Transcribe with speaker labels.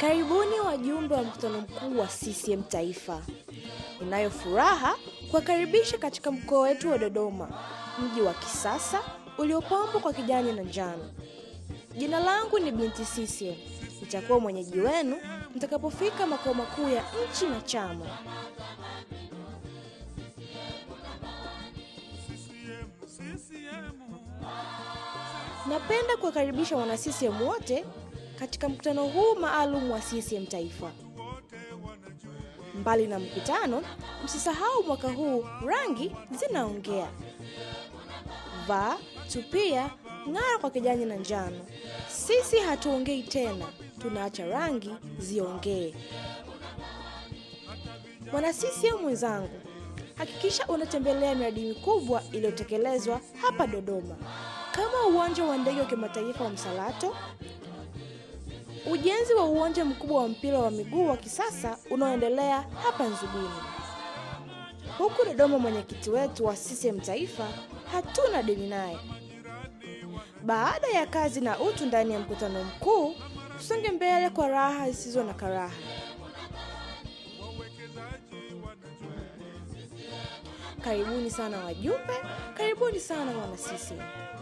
Speaker 1: Karibuni wajumbe wa mkutano mkuu wa CCM Taifa. Ninayo furaha kuwakaribisha katika mkoa wetu wa Dodoma, mji wa kisasa uliopambwa kwa kijani na njano. Jina langu ni binti CCM, nitakuwa mwenyeji wenu mtakapofika makao makuu ya nchi na chama. Napenda kuwakaribisha wana CCM wote katika mkutano huu maalum wa CCM Taifa. Mbali na mkutano, msisahau mwaka huu rangi zinaongea. Vaa, tupia, ng'ara kwa kijani na njano. Sisi hatuongei tena, tunaacha rangi ziongee. Mwana CCM mwenzangu, hakikisha unatembelea miradi mikubwa iliyotekelezwa hapa Dodoma kama uwanja wa ndege wa kimataifa wa Msalato, ujenzi wa uwanja mkubwa wa mpira wa miguu wa kisasa unaoendelea hapa Nzuguni. Huku Dodoma, mwenyekiti wetu wa CCM Taifa hatuna deni naye. Baada ya kazi na utu ndani ya mkutano mkuu, tusonge mbele kwa raha zisizo na karaha. Karibuni sana wajumbe, karibuni sana wana CCM.